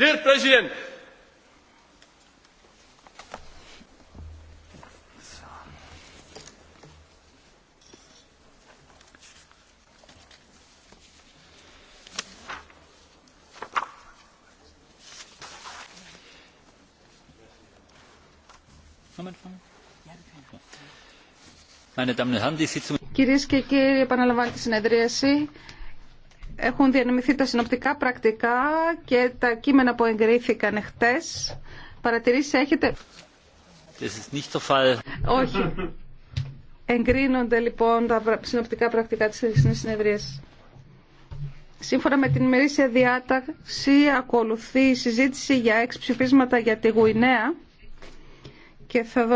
Dear President, Κυρίες και κύριοι, επαναλαμβάνω τη συνεδρίαση. Έχουν διανεμηθεί τα συνοπτικά πρακτικά και τα κείμενα που εγκρίθηκαν χτες. Παρατηρήσει έχετε. nicht der fall. Όχι. Εγκρίνονται λοιπόν τα συνοπτικά πρακτικά της συνεδρίας. Σύμφωνα με την ημερήσια διάταξη ακολουθεί η συζήτηση για έξι ψηφίσματα για τη Γουινέα και θα